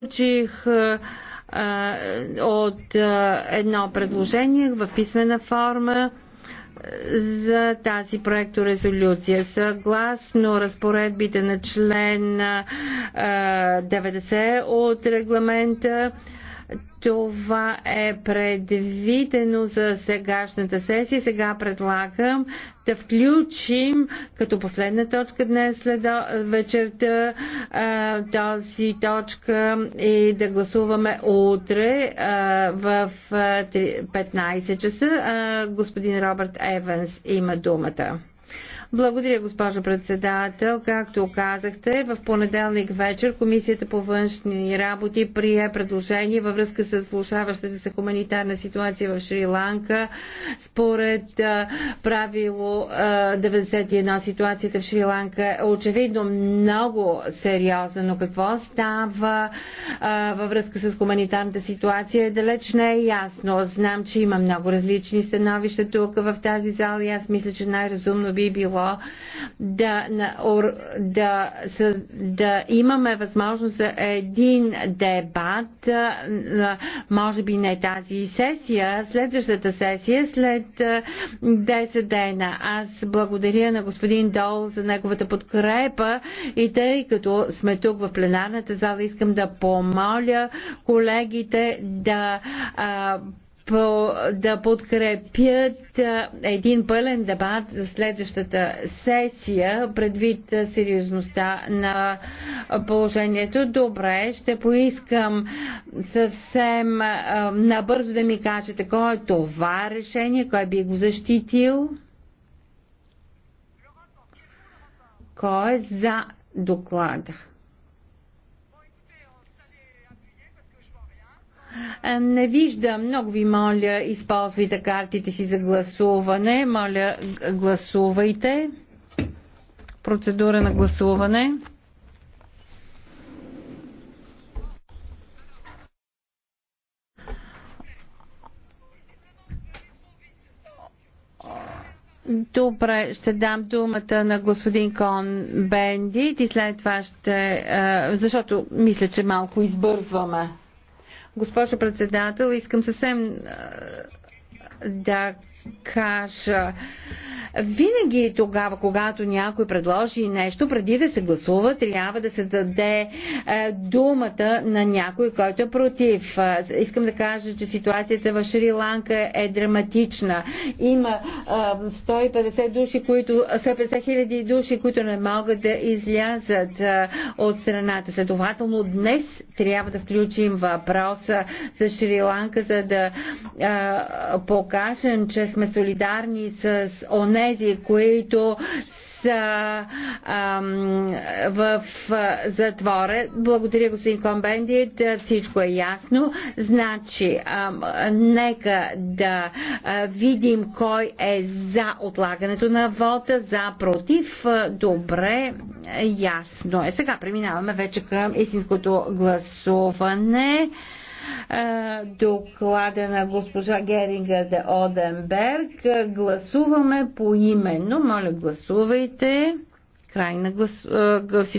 получих от едно предложение в писмена форма за тази проекторезолюция. Съгласно разпоредбите на член 90 от регламента, това е предвидено за сегашната сесия. Сега предлагам да включим като последна точка днес след вечерта този точка и да гласуваме утре в 15 часа. Господин Робърт Еванс има думата. Благодаря, госпожо председател. Както казахте, в понеделник вечер Комисията по външни работи прие предложение във връзка с влушаващата се хуманитарна ситуация в Шри-Ланка. Според правило 91 ситуацията в Шри-Ланка е очевидно много сериозна, но какво става във връзка с хуманитарната ситуация далеч не е ясно. Знам, че има много различни становища тук в тази зала и аз мисля, че най-разумно би било ниво да, да, да имаме възможност за един дебат, може би не тази сесия, следващата сесия, след 10 дена. Аз благодаря на господин Дол за неговата подкрепа и тъй като сме тук в пленарната зала, искам да помоля колегите да а, по, да подкрепят един пълен дебат за следващата сесия, предвид сериозността на положението. Добре, ще поискам съвсем набързо да ми кажете кой е това решение, кой би го защитил. Кой е за доклада? Е, не виждам. Много ви моля, използвайте картите си за гласуване. Моля, гласувайте. Процедура на гласуване. Добре, ще дам думата на господин Кон Бендит и след това ще... Е, защото мисля, че малко избързваме. Госпожо председател, искам съвсем да кажа винаги тогава, когато някой предложи нещо, преди да се гласува, трябва да се даде е, думата на някой, който е против. Е, искам да кажа, че ситуацията в Шри-Ланка е драматична. Има 150 е, души, които, 150 хиляди души, които не могат да излязат от страната. Следователно, днес трябва да включим въпроса за Шри-Ланка, за да покажем, че сме солидарни с оне онези, които са ам, в а, затвора. Благодаря, господин Комбендит. Всичко е ясно. Значи, ам, нека да а, видим кой е за отлагането на вота, за против. Добре, ясно е. Сега преминаваме вече към истинското гласуване доклада на госпожа Геринга де Оденберг. Гласуваме по имено. Моля, гласувайте. Край на глас...